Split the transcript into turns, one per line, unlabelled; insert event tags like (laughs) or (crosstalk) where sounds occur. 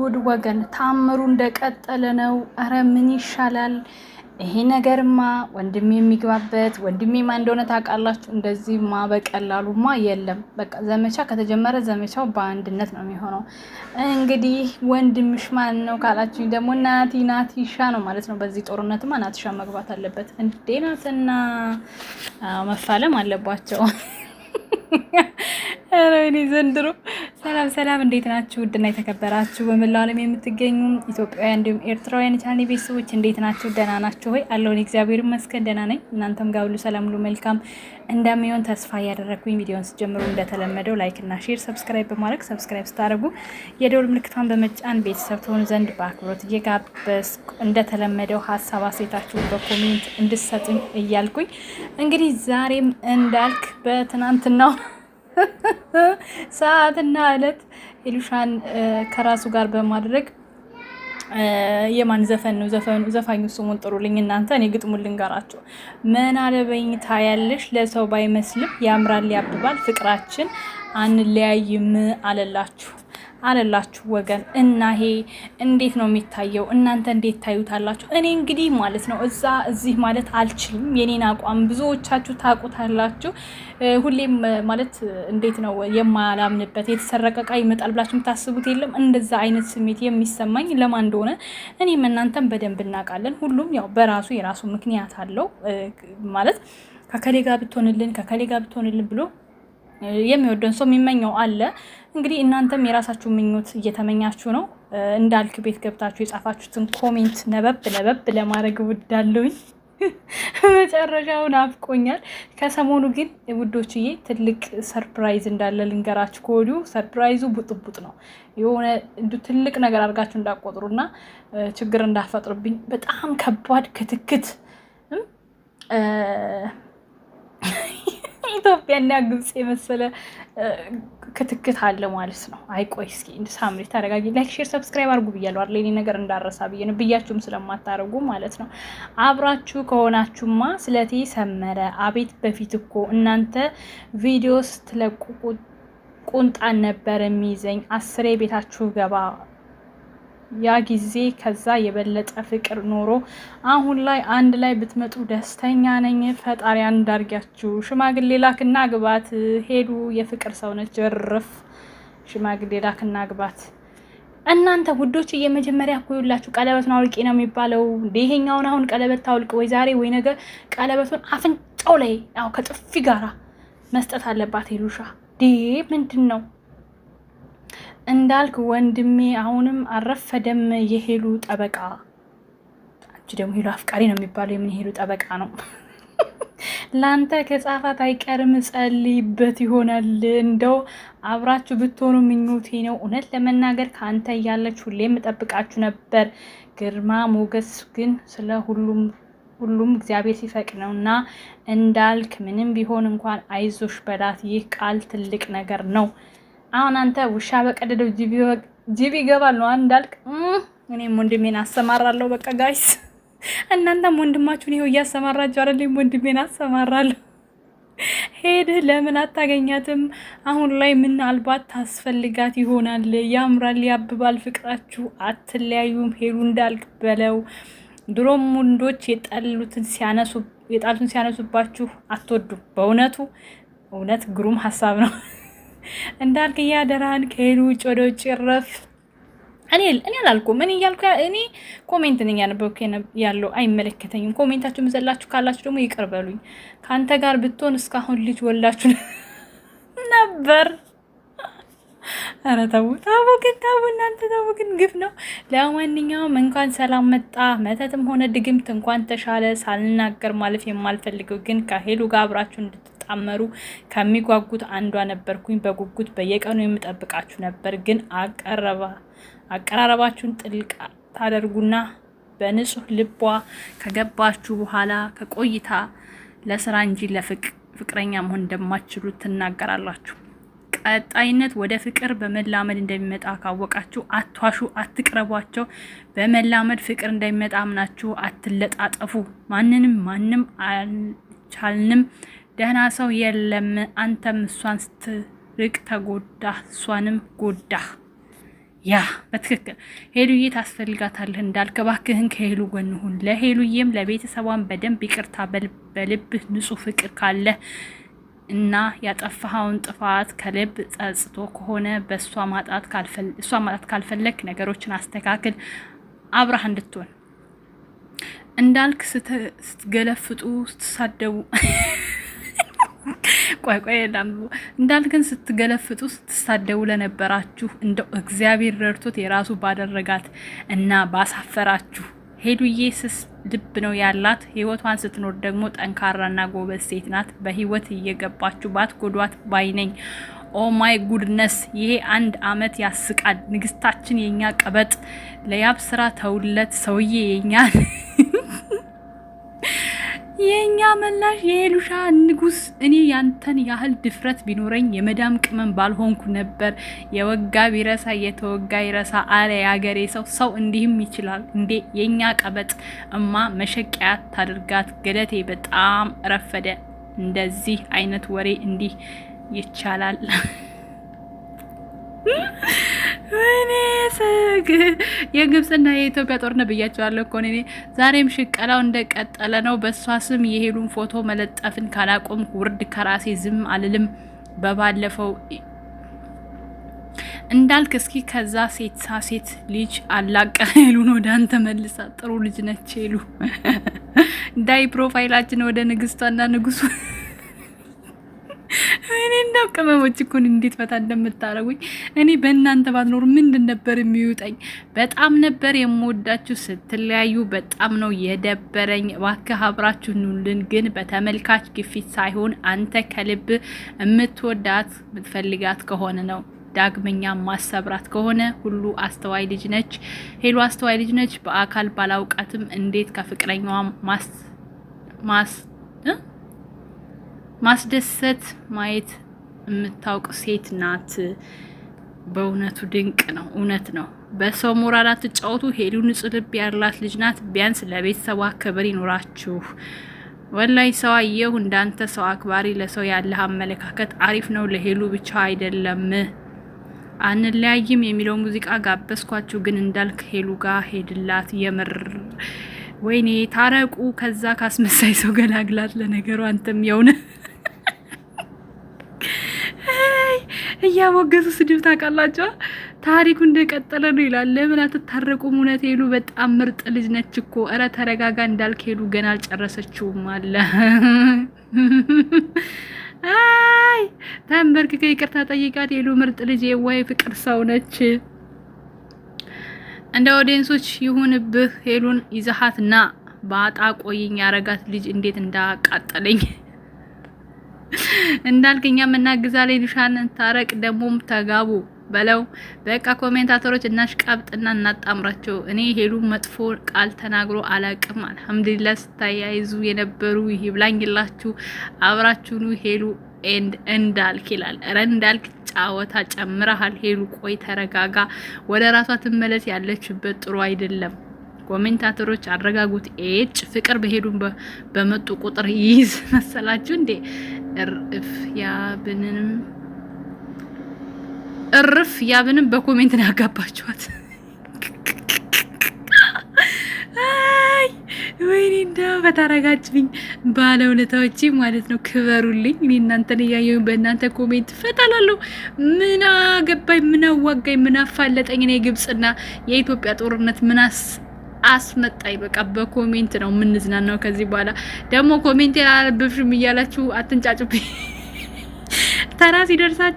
ጉድ ወገን ታምሩ እንደቀጠለ ነው። እረ ምን ይሻላል? ይሄ ነገርማ ወንድሜ የሚግባበት ወንድሜ ማ እንደሆነ ታውቃላችሁ። እንደዚህማ በቀላሉማ የለም። በቃ ዘመቻ ከተጀመረ ዘመቻው በአንድነት ነው የሚሆነው። እንግዲህ ወንድምሽ ማን ነው ካላችሁ ደግሞ ናቲ ናቲሻ ነው ማለት ነው። በዚህ ጦርነትማ ናቲሻ መግባት አለበት እንዴ! ናትና መፋለም አለባቸው። (laughs) ኧረ እኔ ዘንድሮ ሰላም ሰላም፣ እንዴት ናችሁ? ውድና የተከበራችሁ በመላው ዓለም የምትገኙ ኢትዮጵያውያን እንዲሁም ኤርትራውያን የቻኔ ቤተሰቦች እንዴት ናችሁ? ደህና ናችሁ ሆይ? አለውን እግዚአብሔር ይመስገን ደህና ነኝ። እናንተም ጋር ሁሉ ሰላም፣ ሁሉ መልካም እንደሚሆን ተስፋ እያደረግኩኝ ቪዲዮን ስጀምሩ እንደተለመደው ላይክ እና ሼር፣ ሰብስክራይብ በማድረግ ሰብስክራይብ ስታደርጉ የደወል ምልክቷን በመጫን ቤተሰብ ትሆኑ ዘንድ በአክብሮት እየጋበዝኩ እንደተለመደው ሀሳብ አሴታችሁ በኮሜንት እንድሰጡኝ እያልኩኝ እንግዲህ ዛሬም እንዳልክ በትናንትናው (laughs) ሰዓትና እለት ኢሉሻን ከራሱ ጋር በማድረግ የማን ዘፈን ነው? ዘፋኙ ስሙን ጥሩልኝ እናንተ፣ እኔ ግጥሙ ልንገራቸው። ምን አለበኝ ታያለሽ፣ ለሰው ባይመስልም ያምራል ያብባል ፍቅራችን፣ አንለያይም አለላችሁ አለላችሁ ወገን እና ይሄ እንዴት ነው የሚታየው? እናንተ እንዴት ታዩታላችሁ? እኔ እንግዲህ ማለት ነው እዛ እዚህ ማለት አልችልም። የኔን አቋም ብዙዎቻችሁ ታውቁታላችሁ። ሁሌም ማለት እንዴት ነው የማላምንበት የተሰረቀ እቃ ይመጣል ብላችሁ የምታስቡት የለም። እንደዛ አይነት ስሜት የሚሰማኝ ለማን እንደሆነ እኔም እናንተን በደንብ እናውቃለን። ሁሉም ያው በራሱ የራሱ ምክንያት አለው ማለት ከከሌ ጋር ብትሆንልን ከከሌ ጋር ብትሆንልን ብሎ የሚወደን ሰው የሚመኘው አለ። እንግዲህ እናንተም የራሳችሁ ምኞት እየተመኛችሁ ነው። እንዳልክ ቤት ገብታችሁ የጻፋችሁትን ኮሜንት ነበብ ነበብ ለማድረግ እወዳለሁኝ። (laughs) መጨረሻውን አፍቆኛል። ከሰሞኑ ግን ውዶችዬ ትልቅ ሰርፕራይዝ እንዳለ ልንገራችሁ ከወዲሁ። ሰርፕራይዙ ቡጥቡጥ ነው። የሆነ ትልቅ ነገር አድርጋችሁ እንዳቆጥሩና ችግር እንዳፈጥሩብኝ በጣም ከባድ ክትክት ኢትዮጵያና ግብፅ የመሰለ ክትክት አለ ማለት ነው። አይቆይ እስኪ ሳምሪ ተረጋጊ። ላይክ፣ ሼር፣ ሰብስክራይብ አድርጉ ብያለሁ አይደል? የእኔ ነገር እንዳረሳ ብዬ ነው ብያችሁም ስለማታደርጉ ማለት ነው። አብራችሁ ከሆናችሁማ ስለቴ ሰመረ። አቤት በፊት እኮ እናንተ ቪዲዮ ስትለቁ ቁንጣን ነበር የሚይዘኝ። አስሬ ቤታችሁ ገባ ያ ጊዜ ከዛ የበለጠ ፍቅር ኖሮ አሁን ላይ አንድ ላይ ብትመጡ ደስተኛ ነኝ። ፈጣሪያን አንዳርጊያችሁ። ሽማግሌ ላክና ግባት። ሄዱ የፍቅር ሰው ነች። ርፍ ሽማግሌ ላክና ግባት። እናንተ ጉዶች የመጀመሪያ እኮ ይኸውላችሁ ቀለበቱን አውልቂ ነው የሚባለው። ይሄኛውን አሁን ቀለበት ታውልቅ ወይ ዛሬ ወይ ነገ ቀለበቱን አፍንጫው ላይ ያው ከጥፊ ጋራ መስጠት አለባት ሄሉሻ። ዴ ምንድን ነው እንዳልክ ወንድሜ አሁንም አልረፈደም። የሄሉ ጠበቃ አንቺ ደግሞ ሄሉ አፍቃሪ ነው የሚባለው የምን የሄሉ ጠበቃ ነው። ለአንተ (laughs) ከጻፋት አይቀርም ጸልይበት ይሆናል። እንደው አብራችሁ ብትሆኑ ምኞቴ ነው። እውነት ለመናገር ከአንተ እያለች ሁሌም እጠብቃችሁ ነበር። ግርማ ሞገስ ግን ስለ ሁሉም ሁሉም እግዚአብሔር ሲፈቅድ ነው እና እንዳልክ ምንም ቢሆን እንኳን አይዞሽ በላት። ይህ ቃል ትልቅ ነገር ነው። አሁን አንተ ውሻ በቀደደው ጅብ ይገባል ነው እንዳልክ፣ እኔም ወንድሜን አሰማራለሁ። በቃ ጋይስ እናንተም ወንድማችሁን ይኸው እያሰማራችሁ አይደለም? ወንድሜን አሰማራለሁ። ሄድህ ለምን አታገኛትም? አሁን ላይ ምናልባት ታስፈልጋት ይሆናል። ያምራል፣ ያብባል ፍቅራችሁ፣ አትለያዩም። ሄዱ እንዳልክ በለው። ድሮም ወንዶች የጣሉትን ሲያነሱባችሁ አትወዱም። በእውነቱ እውነት ግሩም ሀሳብ ነው። እንዳልክ እያደራን ከሄዱ ውጭ ወደ ውጭ ረፍ እኔ እኔ አላልኩም። እኔ እያልኩ እኔ ኮሜንት ነኝ ያነበብኩ ያለው አይመለከተኝም። ኮሜንታችሁ ምዘላችሁ ካላችሁ ደግሞ ይቅር በሉኝ። ከአንተ ጋር ብትሆን እስካሁን ልጅ ወላችሁ (laughs) ነበር። ኧረ ተው ተው ግን ተው እናንተ ተው ግን ግፍ ነው። ለማንኛውም እንኳን ሰላም መጣ። መተትም ሆነ ድግምት እንኳን ተሻለ። ሳልናገር ማለፍ የማልፈልገው ግን ከሄሉ ጋር አብራችሁ እንድት እንድትጣመሩ ከሚጓጉት አንዷ ነበርኩኝ። በጉጉት በየቀኑ የምጠብቃችሁ ነበር። ግን አቀራረባችሁን ጥልቅ ታደርጉና በንጹህ ልቧ ከገባችሁ በኋላ ከቆይታ ለስራ እንጂ ለፍቅረኛ መሆን እንደማትችሉ ትናገራላችሁ። ቀጣይነት ወደ ፍቅር በመላመድ እንደሚመጣ ካወቃችሁ አትዋሹ፣ አትቅረቧቸው። በመላመድ ፍቅር እንደሚመጣ አምናችሁ አትለጣጠፉ። ማንንም ማንም አልቻልንም ደህና ሰው የለም። አንተም እሷን ስትርቅ ተጎዳ፣ እሷንም ጎዳ። ያ በትክክል ሄሉዬ ታስፈልጋታለህ እንዳልክ፣ እባክህን ከሄሉ ጎን ሁን። ለሄሉዬም ለቤተሰቧን በደንብ ይቅርታ በልብ በልብህ ንጹህ ፍቅር ካለ እና ያጠፋኸውን ጥፋት ከልብ ጸጽቶ ከሆነ በእሷ ማጣት ካልፈለግ ነገሮችን አስተካክል። አብራህ እንድትሆን እንዳልክ ስትገለፍጡ ስትሳደቡ ቆይ ቆይ እንዳልክን ስትገለፍጡ ስትሳደቡ ለነበራችሁ እንደው እግዚአብሔር ረድቶት የራሱ ባደረጋት እና ባሳፈራችሁ ሄዱዬ ስስ ልብ ነው ያላት። ህይወቷን ስትኖር ደግሞ ጠንካራና ጎበዝ ሴት ናት። በህይወት እየገባችሁ ጎዷት ባይነኝ። ኦ ማይ ጉድነስ! ይሄ አንድ አመት ያስቃል። ንግስታችን የኛ ቀበጥ ለያብ ስራ ተውለት ሰውዬ የኛል የእኛ መላሽ የሄሉሻ ንጉስ፣ እኔ ያንተን ያህል ድፍረት ቢኖረኝ የመዳም ቅመም ባልሆንኩ ነበር። የወጋ ቢረሳ የተወጋ ይረሳ አለ የአገሬ ሰው። ሰው እንዲህም ይችላል እንዴ? የእኛ ቀበጥ እማ መሸቂያ ታደርጋት ገለቴ። በጣም ረፈደ። እንደዚህ አይነት ወሬ እንዲህ ይቻላል። የግብፅና የኢትዮጵያ ጦርነት ብያቸዋለሁ እኮ እኔ። ዛሬም ሽቀላው እንደቀጠለ ነው። በእሷ ስም የሄሉን ፎቶ መለጠፍን ካላቆም ውርድ ከራሴ ዝም አልልም። በባለፈው እንዳልክ እስኪ ከዛ ሴት ሴት ልጅ አላቀ ሄሉን ወደ አንተ መልሳ። ጥሩ ልጅ ነች ሄሉ። (laughs) ዳይ ፕሮፋይላችን ወደ ንግስቷና ንጉሱ እንደው ቅመሞች እኮን እንዴት ፈታ እንደምታረጉኝ እኔ በእናንተ ባትኖር ምንድን ነበር የሚውጠኝ? በጣም ነበር የምወዳችሁ። ስትለያዩ በጣም ነው የደበረኝ። እባክህ አብራችሁ ኑልን፣ ግን በተመልካች ግፊት ሳይሆን አንተ ከልብ የምትወዳት የምትፈልጋት ከሆነ ነው። ዳግመኛ ማሰብራት ከሆነ ሁሉ አስተዋይ ልጅ ነች። ሄሎ አስተዋይ ልጅ ነች። በአካል ባላውቃትም እንዴት ከፍቅረኛዋ ማስ ማስ ማስደሰት ማየት የምታውቅ ሴት ናት። በእውነቱ ድንቅ ነው። እውነት ነው። በሰው ሞራል አትጫወቱ። ሄሉ ንጹሕ ልብ ያላት ልጅ ናት። ቢያንስ ለቤተሰቧ ክብር ይኖራችሁ። ወላይ ሰው አየሁ እንዳንተ ሰው አክባሪ፣ ለሰው ያለህ አመለካከት አሪፍ ነው። ለሄሉ ብቻ አይደለም። አንለያይም የሚለው ሙዚቃ ጋበዝኳችሁ፣ ግን እንዳልክ ሄሉ ጋር ሄድላት የምር ወይኔ ታረቁ። ከዛ ካስመሳይ ሰው ገላግላት። ለነገሩ አንተም የውነ እያሞገሱ ስድብ ታውቃላቸዋ። ታሪኩ እንደቀጠለ ነው ይላል። ለምን አትታረቁም? እውነት ሄሉ በጣም ምርጥ ልጅ ነች እኮ። እረ ተረጋጋ እንዳልክ ሄሉ ገና አልጨረሰችውም አለ። አይ ተንበርክከ ይቅርታ ጠይቃት ሄሉ ምርጥ ልጅ የዋይ ፍቅር ሰው ነች። እንደ ኦዲየንሶች ይሁንብህ ሄሉን ይዘሃት ና በአጣ ቆይኝ ያረጋት ልጅ እንዴት እንዳቃጠለኝ እንዳልክ እኛም እናግዛለን። ታረቅ ደግሞም ተጋቡ በለው በቃ ኮሜንታተሮች እናሽቃብጥና እናጣምራቸው። እኔ ሄሉ መጥፎ ቃል ተናግሮ አላቅም። አልሐምዱሊላህ ስታያይዙ የነበሩ ይብላኝላችሁ አብራችሁኑ ሄሉ ኤንድ እንዳልክ ይላል። ኧረ እንዳልክ ጫወታ ጨምረሃል። ሄሉ ቆይ ተረጋጋ፣ ወደ ራሷ ትመለስ። ያለችበት ጥሩ አይደለም። ኮሜንታተሮች አረጋጉት። ኤጭ ፍቅር በሄዱ በመጡ ቁጥር ይይዝ መሰላችሁ እንዴ? እርፍ እርፍ ያብንም በኮሜንት ነው ያጋባችኋት። ወይኔ እንደው በታረጋችሁኝ ባለ ውለታዎቼ ማለት ነው። ክበሩልኝ። እኔ እናንተን እያየሁኝ በእናንተ ኮሜንት ፈታላለሁ። ምን አገባኝ፣ ምን አዋጋኝ፣ ምን አፋለጠኝ? እኔ የግብጽና የኢትዮጵያ ጦርነት ምናስ አስመጣኝ። በቃ በኮሜንት ነው የምንዝናናው ከዚህ በኋላ ደግሞ ኮሜንት ያልብሽም እያላችሁ አትንጫጩብኝ። ተራ ሲደርሳቸው